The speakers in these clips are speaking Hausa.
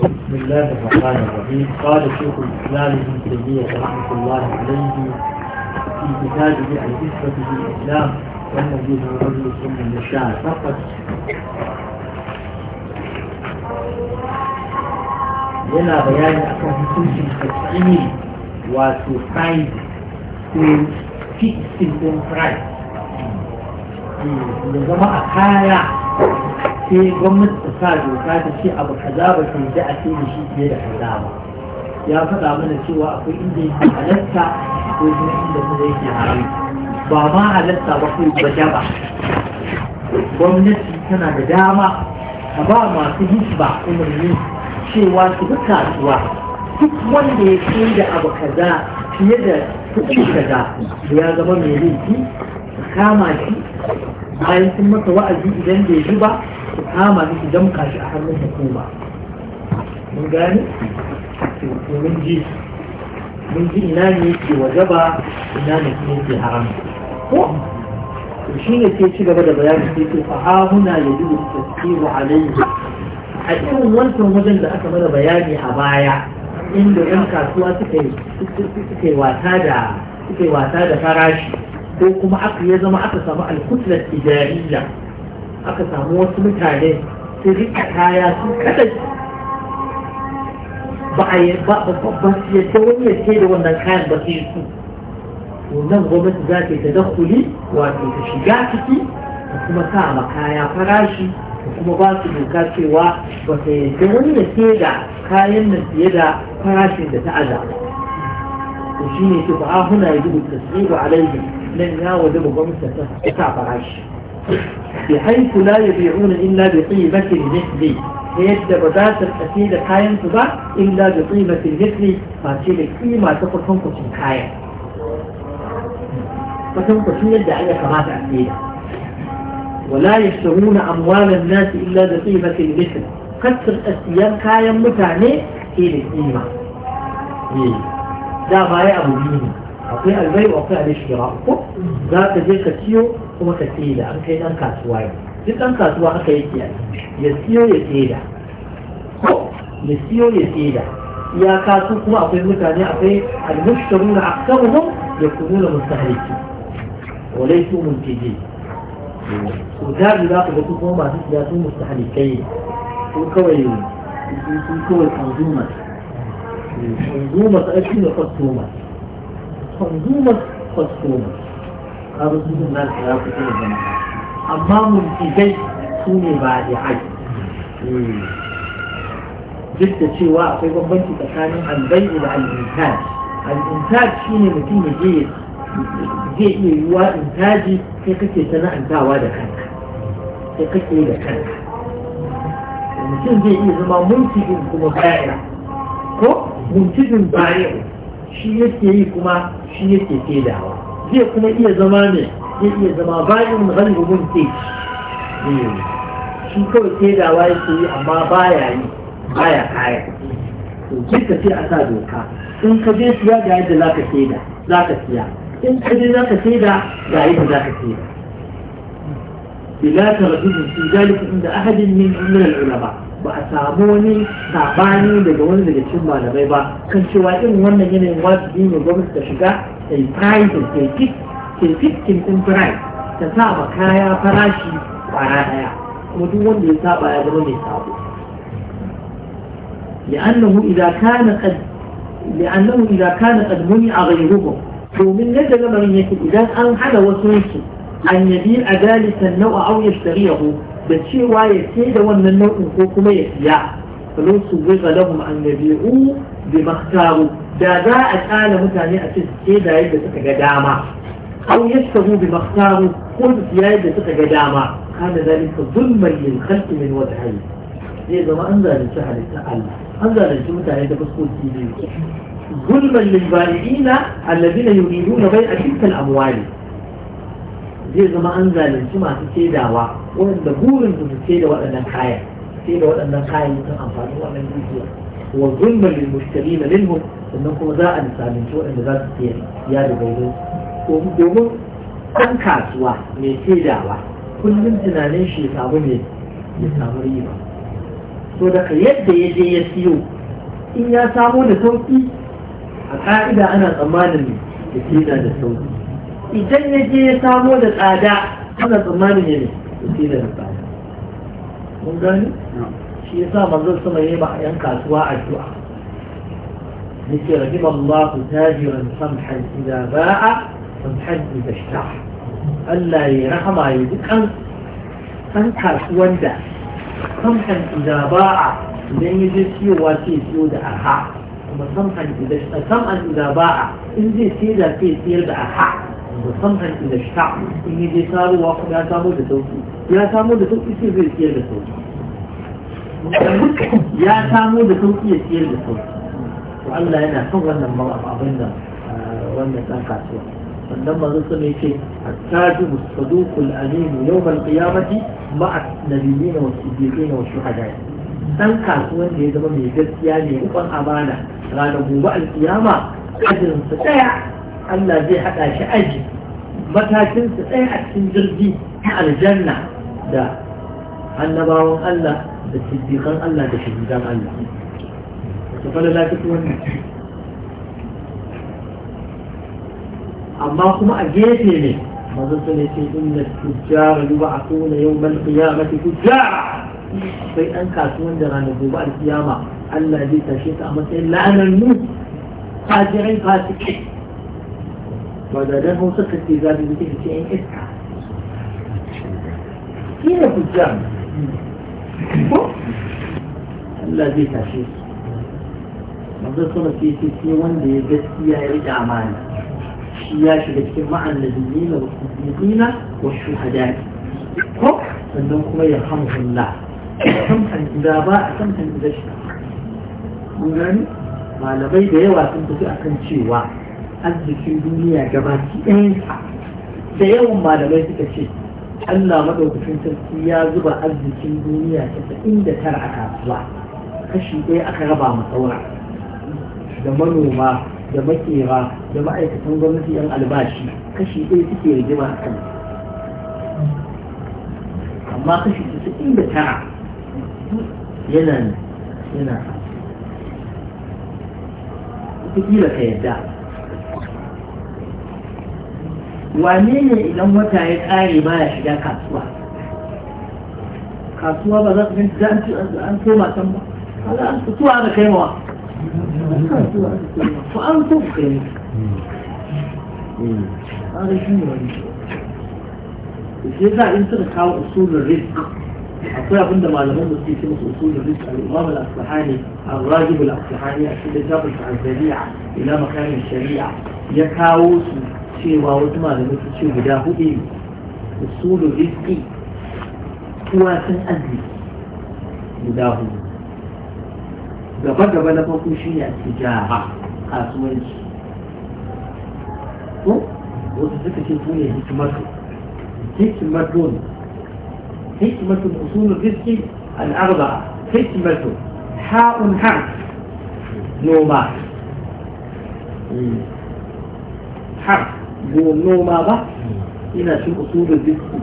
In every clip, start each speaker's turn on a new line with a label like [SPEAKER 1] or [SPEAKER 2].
[SPEAKER 1] بسم الله الرحمن الرحيم قال شيخ الإسلام ابن تيمية رحمة الله عليه في كتابه عن نسبة الإسلام بها الرجل ثم النشاء فقط لنا بيان اكثر من كل شيء wato price ko fixing din price في نظام a sai gwamnati ta sa doka ta ce abu kaza ba ke da a ce da shi fiye da kaza ba ya faɗa mana cewa akwai inda yake halatta akwai kuma inda kuma yake haram ba ma halatta ba ko ba daba gwamnati tana da dama ta ba masu hisba umarni cewa su bi kasuwa duk wanda ya ce da abu kaza fiye da kuɗi kaza ya zama mai laifi kama shi bayan sun masa wa'azi idan bai ji ba su kama shi su damka shi a hannun hukuma mun gane mun ji mun ji ina ne yake wajaba ina ne kuma yake haram ko to shi ne sai ci gaba da bayani sai ce fa ha huna yajibu tasbihu alayhi a irin wancan wajen da aka mana bayani a baya inda yan kasuwa suka yi suka yi wata da suka yi wata da farashi ko kuma aka ya zama aka samu alkutlar tijariya aka samu wasu mutane su rika kaya su kadai ba a yi ba yadda wani ya ce da wannan kayan ba sai su wannan gwamnati za ta yi ta dakuli wato ta shiga ciki da kuma sa ma kaya farashi da kuma ba su doka cewa ba ta yadda wani ya ke da kayan nan fiye da farashin da ta azaba to shi ne ce ba huna ya gudu tasiri nan ya wajen gwamnati ta sa farashi بحيث لا يبيعون إلا بطيبة المثل يد بذات الأسيد كاين تبا إلا بطيبة المثل ما تشيل القيمة تقفهم كتن كاين فتن كتن يد على كما تأسيد ولا يشترون أموال الناس إلا بطيبة المثل كسر أسيان كاين متعني تشيل القيمة ده غاية أبو بيني أقول البيع وأقول الشراء ذات ذلك تيو kuma ka da an kai ɗan kasuwa ne duk ɗan kasuwa haka yake ya siyo ya tseda ya siyo ya tseda iyaka su kuma akwai mutane akwai almushtarun na aksaruhum ya kunu na mustahaliki walai su muntiji su dari za ku ga su kuma masu siya su mustahalikai su kawai su kawai konzumar konzumar a cikin da kwastomas konzumar kwastomas harsunan nasu ya fito da zama amma mun muntigai su ne ba da hai duk da cewa akwai bambanci tsakanin albai'u da al'intaj al'intaj shi ne mutum ya je ya zai iya yiwuwa intaji sai kake sana'antawa da kanka sai kake da kanka mutum zai iya zama muntijin kuma baya ko muntijin bayan shi yake yi kuma shi yake fedawa zai kuma iya zama ne zai iya zama bayan ghairu mumti shi kawai kedawa yake yi amma baya yi baya kaya to duka sai a sa doka in ka je siya ga yadda za ka keda za ka siya in ka je za ka keda ga yadda za ka keda bila taraddudin fi zalika inda ahadin min min al-ulama ba a samu wani sabani daga wani daga cikin malamai ba kan cewa irin wannan yanayin wajibi ne gwamnati ta shiga pricing kilfit kilfin price ta sa ma kaya farashi kwara daya kuma duk لأنه إذا كان قد لأنه إذا كان قد منع غيرهم ومن نجل من يكون إذا أن حدا وسوسه أن يبيع ذلك النوع أو يشتريه بشيء وايد سيد وأن النوع كما يبيع فلو سوغ لهم أن يبيعوه بمختاره دا دا أتعالى متاني أتس دا يبدا تتقدامة أو يشتغوا بمختاره قد في يبدا تتقدامة كان ذلك ظلما للخلق من وضعه إيه دا ما أنزل الشهر التعالى أنزل الجمتة يبدا بسقود في ذلك ظلما للبائعين الذين يريدون بيع تلك الأموال zai zama an zalunci masu shaidawa wanda burin su su shaida waɗannan kayan shaida waɗannan kayan mutum amfani waɗannan هو ظلم للمشتغين للهم انكم ذا ان تعلمتوا ان ذا تتير يا ربيدون ومدومون ان كاسوا ميتيدا وا كل من تنانين شي صابو ميت يسامر يبا سو دك يد يد يسيو ان يا صابو لتوكي القاعدة انا طمان يتيدا لتوكي إذن يجي يسامو لتعداء أنا طمان يلي يتيدا لتعداء. Mungkin? Ya. نعم. shi yasa manzon sama yayi ba yan kasuwa addu'a yake rahim Allah tajiran samhan idza ba'a samhan idza ishtah Allah ya rahama ya dukan san kasuwan da samhan idza ba'a idan yaje siyowa sai siyo da arha kuma samhan idza ishtah samhan idza ba'a in zai siya da sai siyar da arha musamman idan sha in yi je samuwa kuma ya samu da sauki ya samu da sauki sai zai siyar da sauki ya samu da sauki ya siyar da sauki to Allah yana son wannan abin nan wannan ɗan kasuwa sannan manzo sun yake at-tajibu saduqul alim yawm al-qiyamati ma'a nabiyyin wa siddiqin wa shuhada dan kasuwan da ya zama mai gaskiya ne rukun amana ranar gobe al-qiyama ajin su daya Allah zai hada shi aji matakin su daya a cikin jirgi na aljanna da annabawan Allah الصديق قال الله تشهد دام الله فقال لا تكون أما هم أجيتني ما ظلت لكي إن التجار يبعثون يوم القيامة تجار في أن كاتون دران يبعث القيامة الله دي تشهد أما سيلا أنا الموت قادرين قاسكين وإذا دان هو سكت في ذلك بتهتين إسكا كيف تجار Allah zai tashe su manzon sama ce ce ce wanda ya gaskiya ya riƙe amana shi ya shiga cikin ma'an nabiyina wa kubiyina wa shuhadai ko sannan kuma ya hamdulillah samtan gida ba a samtan gida shi mun gani malamai da yawa sun tafi a kan cewa arzikin duniya gabaki ɗayansa da yawan malamai suka ce Allah madaukakin sarki ya zuba arzikin duniya casa'in da tara a kasuwa kashi ɗaya aka raba ma da manoma da makera da ma'aikatan gwamnati yan albashi kashi ɗaya suke rigima a kan amma kashi casa'in da tara yana yana wata kila ka yadda wane ne idan wata ya tsare ba ya shiga kasuwa kasuwa ba za su gani da an so matan ba kaga an su tuwa da kaimawa ko an so ku kai kaga shi ne wani sai za in suka kawo usulun risk akwai abinda malaman da suke musu usulun risk al-imam al-asfahani al-rajib al-asfahani a cikin jabin al ila makamin shari'a ya kawo su cewa wasu malamai su ce guda hudu ne usulun rizki tuwatin arziki guda hudu gaba gaba na farko shi ne a tijara kasuwanci ko wasu suka ce su ne hikimatu hikimatun hikimatun usulun rizki al'arba hikimatun ha'un har noma حرف noma ba ina shi usulun diski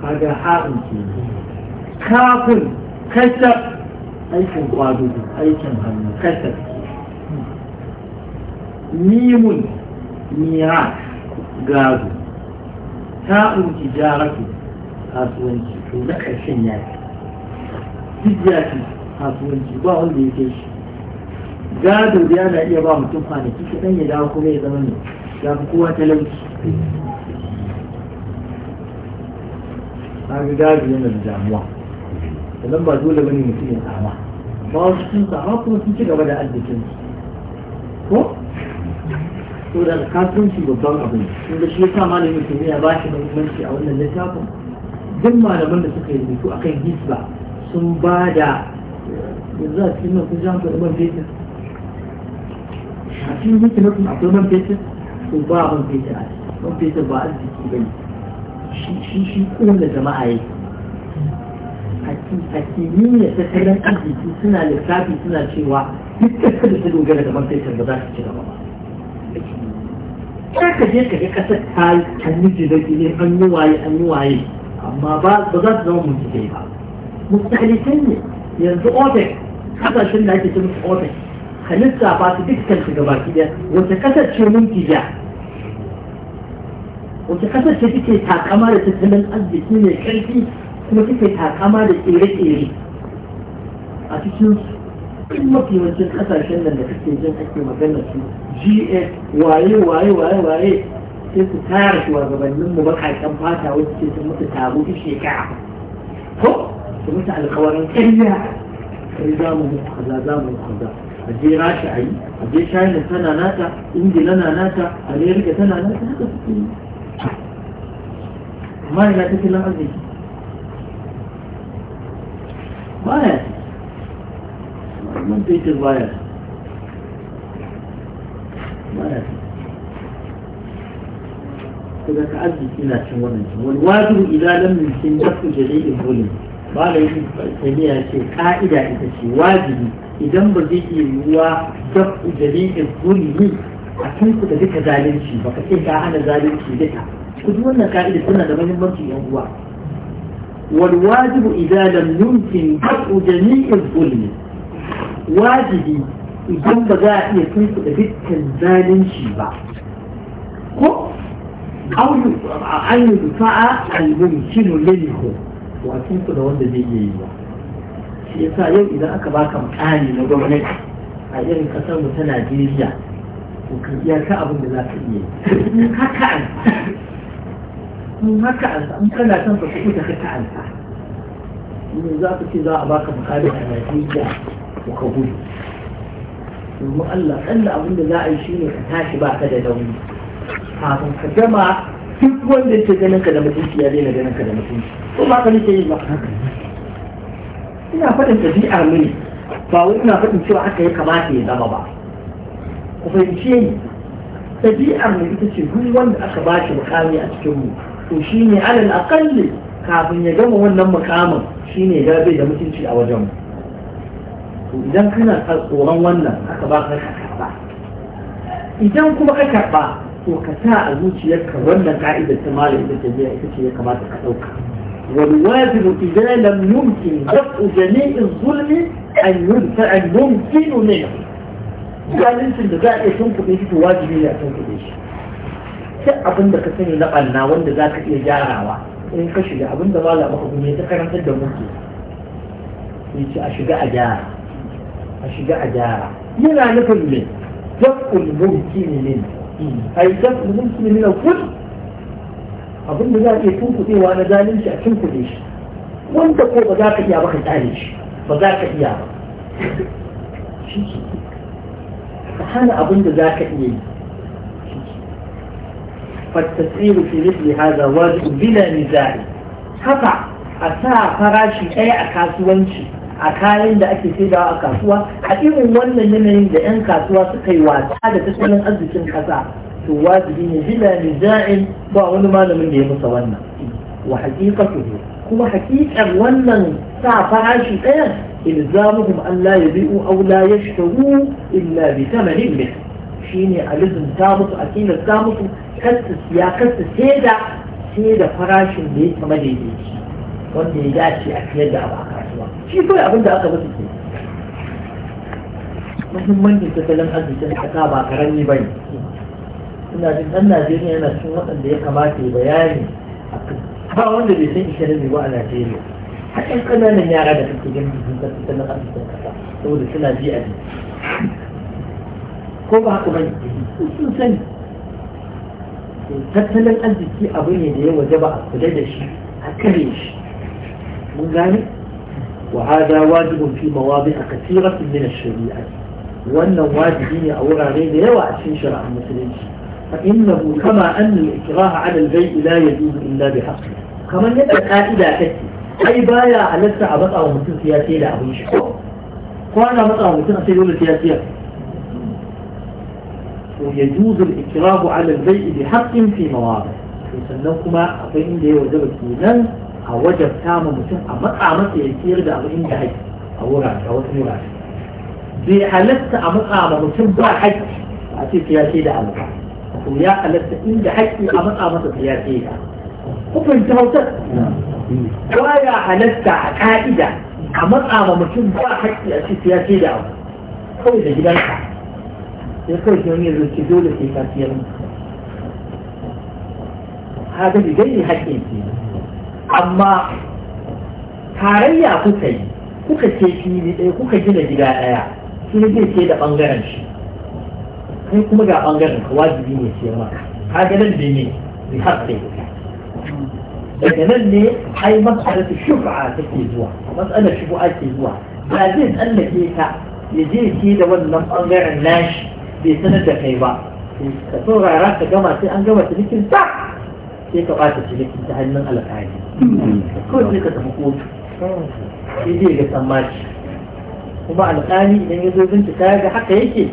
[SPEAKER 1] kaga harin ke kafin kashaf aikin kwado aikin hannu kashaf mimun mira gado ta ta'un tijaratu kasuwanci to na ƙarshen ya ce tijaratu kasuwanci ba wanda ya kai shi gado da yana iya ba mutum kwanaki kaɗan ya dawo kuma ya zama ne ya fi kowa talauci a ga gaji yana da damuwa sannan ba dole bane mutum ya sama ba wasu sun sama kuma sun ci gaba da arzikin ko to da kasuwanci babban abu ne sun da shi ya sa malamin mutum ya ba shi muhimmanci a wannan littafin duk malaman da suka yi rubutu kan hisba sun ba da yanzu a cikin nan kun ji an faɗi man fetur a cikin hikimatun akwai man fetur ko ba man fetur a man fetur ba arziki ba ne shi shi ƙona jama'a yi a ta kallon arziki suna lissafi suna cewa duk ƙasar da ta dogara da man fetur ba za ta ci gaba ba za ka je ka ga kasar ta yi miji da gine an yi waye an yi waye amma ba za su zama mutu ba mutalifin ne yanzu otek kasashen da ake cin otek halitta ba su dukkan su baki ɗaya wata kasar ce mun kija wata kasar ce take takama da tattalin arziki mai karfi kuma take takama da tsere-tsere a cikin duk mafi yawancin kasashen nan da kake jin ake magana su gs waye waye waye waye sai su tara shugabannin mu bakakan fata wacce ce sun mutu taro duk shekara ko su mutu alkawarin ƙarya kai za mu mutu kaza za mu mutu kaza a je rashi a yi a je china tana nata ingila na nata amerika tana nata haka suke yi ما لا تكلم أزيد
[SPEAKER 2] ما يأتي من بيت الغاية
[SPEAKER 1] ما يأتي كذا تعدد إلى شوانا والواجب إذا لم يمكن دفع جديد الظلم قال ابن تيمية شيء قائدة إذا شيء واجب إذا بزيد هو دفع جديد الظلم أكن كذا ذلك ذلك بقى كذا أنا ذلك ذلك kudi wannan ka'ida suna da mahimmanci yan uwa wal wajibu idza lam yumkin daf'u jami'il zulmi wajibi idan ba za a iya da dukkan zalunci ba ko a yi rufa'a al-mumkinu lilhu wa da wanda zai iya yi ba shi yasa yau idan aka baka mukali na gwamnati a irin kasar mu ta Najeriya ko kan iya ka abin da za ka iya haka هكا عالفة ممكن لا تنظر تقول هكا عالفة من ذات كذا أباك مخالفة نتيجة وقبول المؤلف إلا أظن لا أي شيء هكا باك هذا دومي فهم كجمع تقول لك جنة كذا ما تنسي يا لينا جنة كذا ما تنسي وما قلت شيء ما إنا فتن تبيع مني فأقول إنا فتن شو حكا يكا باكي يدابا وفهم شيء تبيع مني تشي هو وان أخباش وخاني أتكمو to shi ne alal aƙalli kafin ya gama wannan mukamin shi ne ya bai da mutunci a wajen to idan kana tsoron wannan aka ba ka karɓa idan kuma ka karɓa to ka sa a zuciyarka wannan ka'idar ta malam ita ce ita ce ya kamata ka ɗauka والواجب إذا لم يمكن دفع جميع الظلم أن يدفع الممكن منه. قال أنت إذا جاء يتنكب يجب واجبي يتنكب يجب. duk abin da ka sani na ɓanna wanda za ka iya gyarawa in ka shiga abin da mala maka kuma ya ta karantar da muke ya ce a shiga a gyara a shiga a gyara yana nufin ne jakul mulki ne ai jakul mulki ne kun abin da za a iya tunkuɗewa na zalunci a tunkuɗe shi wanda ko ba za ka iya ba ka tsare shi ba za ka iya ba shi ke ka hana abin da za ka iya yi فالتسعير في مثل هذا واجب بلا نزاع haka a sa farashi ɗaya a kasuwanci a kayan da ake sai a kasuwa a irin wannan yanayin da 'yan kasuwa suka yi wasa da tattalin arzikin ƙasa to wajibi ne bila niza'in ba wani malamin da ya musa wannan wa haqiqatuhu kuma haƙiƙar wannan sa farashi ɗayan ilzamuhum an la yabi'u aw la yashtaru illa bi thamanin mithl shine a ta mutu a tilasta ta mutu su siya kar su sai da farashin da ya kama daidaici wanda ya dace a siyar da abu a kasuwa shi kawai abin da aka musu ke muhimmancin tattalin arzikin kasa ba karami ba ne ina jin ɗan najeriya yana cikin waɗanda ya kamata ya bayani ba wanda bai san ishirin ba a najeriya hakan ƙananan yara da kake ganin sun tattalin arzikin kasa saboda suna ji a jiki tattalin arziki abu ne da ya waje ba a da shi a kare shi mun وهذا واجب في مواضع كثيرة من الشريعة وأن واجبين أو غيرين يوعى في شرع المسلمين فإنه كما أن الإكراه على البيت لا يجوز إلا بحق كما يبقى قائدة كثير أي بايع على السعبة أو مثل سياسية لأبو يشكو وأنا مطعم مثل سياسية ويجوز الإكراه على البيع بحق في مواضع وسنوكما أبين دي وجب كينان أوجب تام متن أمقع مقع يسير دا أبين دا حج أو راج أو تنو راج دي حالت أمقع متن با حج أتي سياسي دا أقول يا حالت إن دا حج أمقع متن سياسي دا هو تهوتك ويا حالت قائدة أمقع متن با حج أتي سياسي دا أمقع كوي دا جدا sai kawai shi wani yanzu dole sai ka siyar haka bi gani haƙƙin ke amma tarayya kuka yi kuka ce fili ɗaya kuka gina gida ɗaya shi ne zai ce da ɓangaren shi kai kuma ga ɓangaren ka wajibi ne ce maka kaga nan da ne zai bi haƙƙin daga nan ne ai shuka a take zuwa matsalar shufa ke zuwa ba zai tsallake ka ya je ce da wannan ɓangaren nashi bai sanar da kai ba ka saurara ka gama sai an gama cinikin ta sai ka bata cinikin ta hannun alƙali kawai sai ka samu kotu sai zai ga sammaci kuma alƙali idan ya zo bincika ga haka yake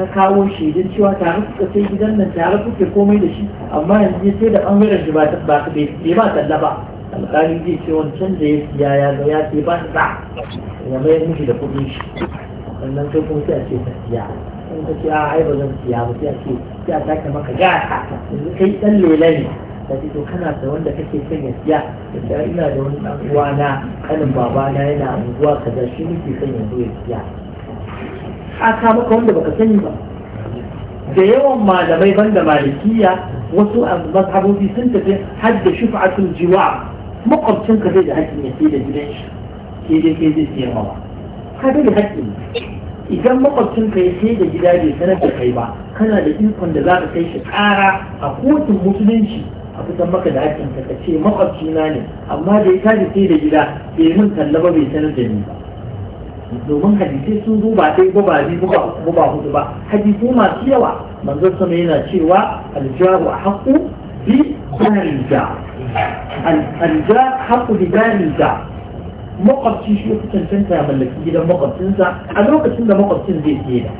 [SPEAKER 1] ka kawo shi shaidun cewa tare kuka sai gidan nan tare kuke komai da shi amma yanzu ya sai da ɓangaren shi ba ta bai ba talla ba alƙali zai ce wancan da ya siya ya ga ya sai ba ta ya mayar miki da kuɗin shi sannan kai kuma sai a ce ta siya in ka ce a ai ba zan siya ba sai a ce sai a sake maka gata yanzu kai dan lela ne ka ce to kana da wanda kake son ya siya da siya ina da wani dan uwa na kanin baba na yana unguwa kaza shi nake son ya zo ya siya a ka maka wanda baka sani ba da yawan malamai banda malikiya wasu mazhabobi sun tafi har da shufa'atul jiwa makwabcinka zai da hakkin ya sai da gidan shi ke dai ke zai siyar mawa ka da hakkin idan makwabcin ka ya sai da gida bai sanar da kai ba kana da ikon da za ka kai shi ƙara a kotun musulunci a kusan maka da hakkin ka ce makwabcina ne amma da ya tashi sai da gida bai mun ba bai sanar da ni ba domin hadisai sun zo ba dai ba ba ni ba uku ba hudu ba hadisu masu yawa manzon sama yana cewa aljaru a haƙu bi darin ja aljar bi darin makwabci shi ku cancanta ya mallaki gidan makwabcinsa a lokacin da makwabcin zai siye da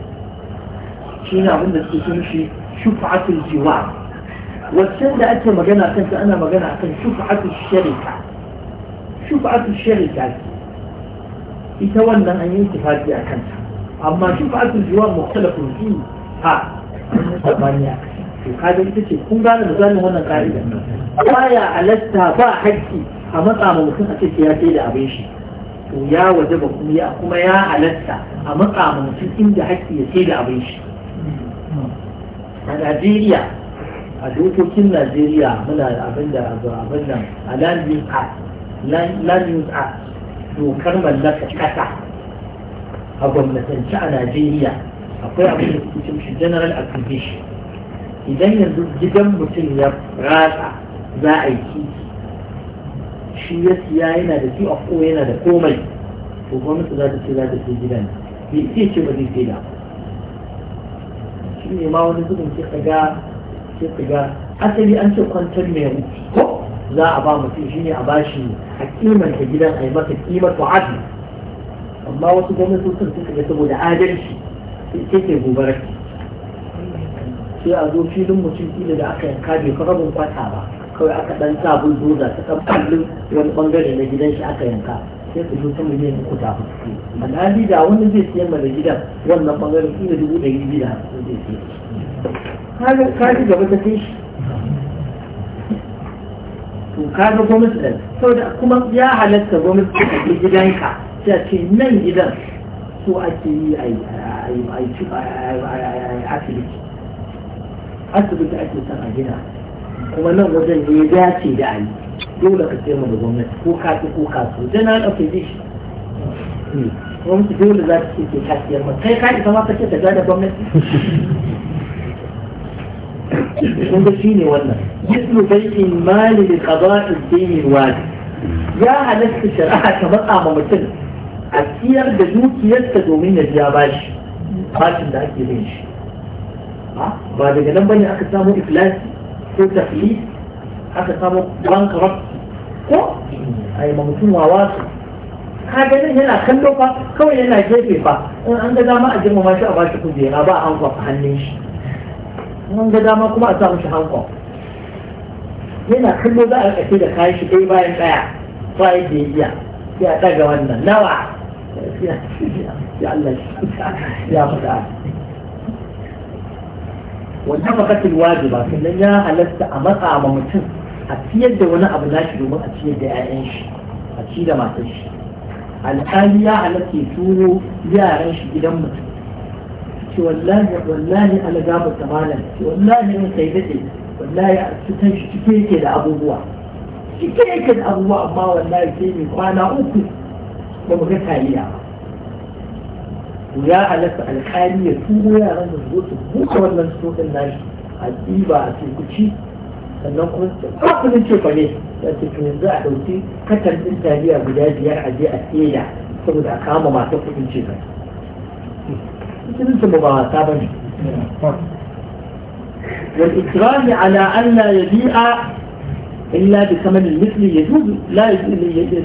[SPEAKER 1] shi ne abin da suke sun shi shufa'atul jiwa waccan da ake magana kanta ana magana akan shufa'atul sharika shufa'atul sharika ita wannan an yi tafaki a kanta amma shufa'atul jiwa mukhtalafun fi ha an yi sabani a kanta to kaga ita ce kun gane misalin wannan ka'ida baya alatta ba haƙƙi a matsa ma mutum a ce ya sai da abin shi to ya waje ba kuma ya halatta a matsa ma mutum inda haƙƙi ya sai da abin shi a Najeriya a dokokin Najeriya muna da abin da abin nan a land use act land use act dokar mallaka kasa a gwamnatance a Najeriya akwai abin da suke cin shi general acquisition idan yanzu gidan mutum ya ratsa za a yi titi shi ya siya yana da key of kowa yana da komai to gwamnati za ta ce za ta ce gidan bai ce ce ba zai ce da shi ne ma wani zubin ce ka ga ce ka ga asali an ce kwantar mai rufi ko za a ba mutum shi ne a bashi a kimanta gidan a yi masa kimar adli amma wasu sun suka ga saboda adalci sai ke gobarar sai a zo filin mutum ila da aka yanka bai fara rabin kwata ba kawai aka dan sa bulldozer ta kan wani bangare na gidan shi aka yanka sai su zuta miliyan uku ta fuske alhali da wani zai siyan mana gidan wannan bangare kila dubu da zai siya ka ji gaba ta kai to ka ga gwamnati ɗin saboda kuma ya halatta gwamnati ta ka gidanka sai ce nan gidan so ake yi a asibiti asibiti ake son a gina kuma nan wajen da ya dace da ali dole ka ce da gwamnati ko ka ci ko ka so general of kuma gwamnati dole za ta ce ke kasiyar ma kai kai isa ka ce ka ja da gwamnati kun ga shine wannan yadda bai'in mali da qada'id din wadi ya halatta shari'a ta matsa ma mutum a tsiyar da dukiyarsa domin ya biya bashi bashin da ake bin shi ba daga nan bane aka samu iflasi ko tafi aka samu bankrupt ko a yi mutum wawa su ka nan yana kallo fa kawai yana gefe fa in an ga dama a girmama shi a bashi na ba a hankwa a hannun shi in ga dama kuma a sa mishi hankwa yana kallo za a ƙashe da kayan shi ɗaya bayan ɗaya ba yadda ya iya sai a ɗaga wannan nawa ya Allah ya faɗa والنفقة الواجبة sannan ya halatta a matsa ma mutum a ciyar da wani abu nashi domin a ciyar da 'ya'yan shi a ci da matan shi alhali ya halatta ya turo yaran shi gidan mutum ce wallahi wallahi ala gaba tamalan ce wallahi ne kai dade wallahi a cikin shi cike yake da abubuwa cike yake da abubuwa amma wallahi sai mai kwana uku ba mu ga taliya ba يعلق الحالية تقول يا رجل مزبوط بكرة من سوق الناجح الإيبا في الكوتشي فنقول تقل انت فلي في نزاع دوتي كتن انت هي بلاد يا عزي أسيلة تقول أقامة ما تقل انت فلي انت انت مباراة والإكرام على أن لا يبيع إلا بثمن المثل يجوز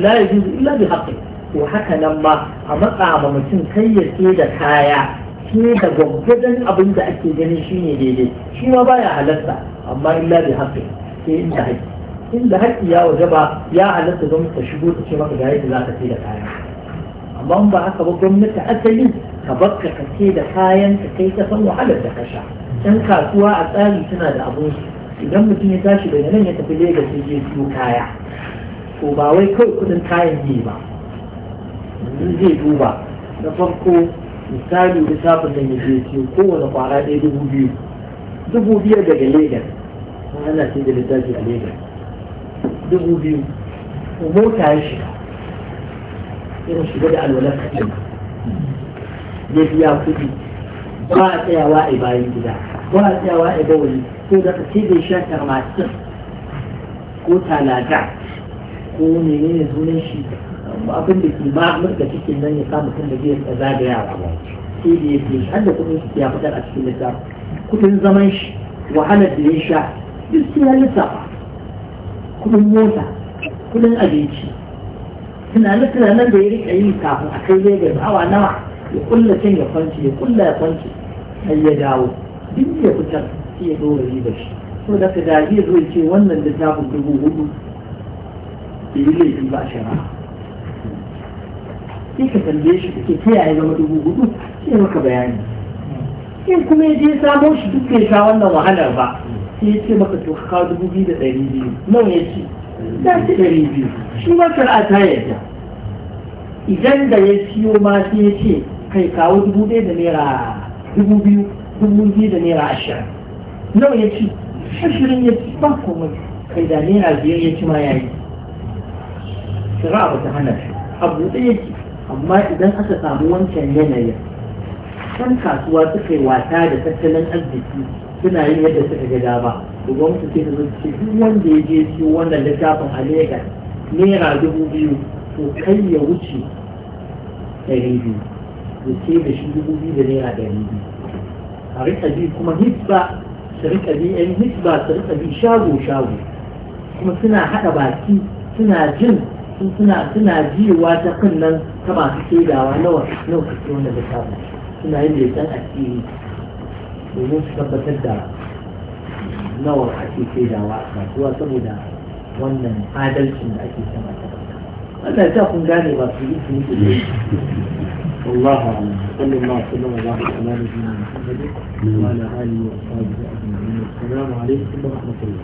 [SPEAKER 1] لا يجوز إلا بحقه to haka nan ma a matsa ma mutum kai ya ce da kaya ce da gwaggwajen abin da ake ganin shi ne daidai shi ma baya halatta amma illa bi haƙƙi sai inda haƙƙi inda haƙƙi ya ba, ya halatta gwamnati ta shigo ta ce maka ga yadda za ka ce da kaya amma ba haka ba gwamnati asali ka bakka ka ce da kayan ka kai ta san wahalar da ka sha can kasuwa a tsari tana da abun idan mutum ya tashi daga nan ya tafi Legas ya je siyo kaya ko ba wai kawai kudin kayan ne ba yanzu zai duba na farko misali lissafin da ya ce kowane kwara ɗaya dubu biyu dubu biyar daga legas kuma ana ce da littafi a legas dubu biyu ko mota ya shiga irin shiga da alwalar kacin ya biya kuɗi ba a tsayawa a bayan gida ba a tsayawa a bawali ko da ce da sha karmatin ko talata ko menene sunan shi ba abin da ke ma'amurka cikin nan ya kama kan da zai zagayawa ba sai da ya fi har da kudin ya fitar a cikin littafi kudin zaman shi wahalar da ya sha duk sai ya lissafa kudin mota kudin abinci tunanin tunanin da ya rika yi kafin a kai zai awa nawa ya kulla can ya kwanci ya kulla ya kwanci sai ya dawo duk ya fitar sai ya dora riba shi so da ka da zai zo ya ce wannan littafin dubu hudu bai yi laifi ba shari'a sai ka tambaye shi kake ta yaya zama dubu hudu sai maka bayani in kuma ya je samo shi duk bai sha wannan wahalar ba sai ya ce maka to ka kawo dubu biyu da ɗari biyu nawa ya ce ya ce ɗari biyu shi ma a ta yarda idan da ya siyo ma sai ya ce kai kawo dubu ɗaya da naira dubu biyu dubu biyu da naira ashirin nawa ya ce ashirin ya ce ba komai kai da naira biyar ya ci ma ya yi shari'a ba ta hana shi abu ɗaya ce amma idan aka samu wancan yanayin kan kasuwa suka yi wata da tattalin arziki suna yin yadda suka ga dama domin su ce su ce duk wanda ya je siyo wannan littafin a Legas naira dubu biyu to kai ya wuce ɗari biyu ya ce da shi dubu biyu da naira ɗari biyu a rika bi kuma hisba su rika bi yan hisba su rika bi shago shago kuma suna haɗa baki suna jin suna suna jiwa ta kan nan ta masu shaidawa nawa nawa kake wannan littafin suna yin leƙen asiri domin su tabbatar da nawa ake shaidawa a kasuwa saboda wannan adalcin da ake sama ta Allah ta kun gane ba
[SPEAKER 2] su yi sun yi والله أعلم الله وسلم وبارك على نبينا محمد وعلى آله وأصحابه أجمعين السلام عليكم ورحمة الله